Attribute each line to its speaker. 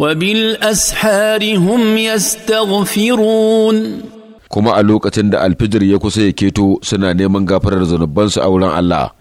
Speaker 1: وبالأسحار هم يستغفرون
Speaker 2: kuma a lokacin da alfijir ya kusa ya keto suna neman gafarar zunubansu a wurin Allah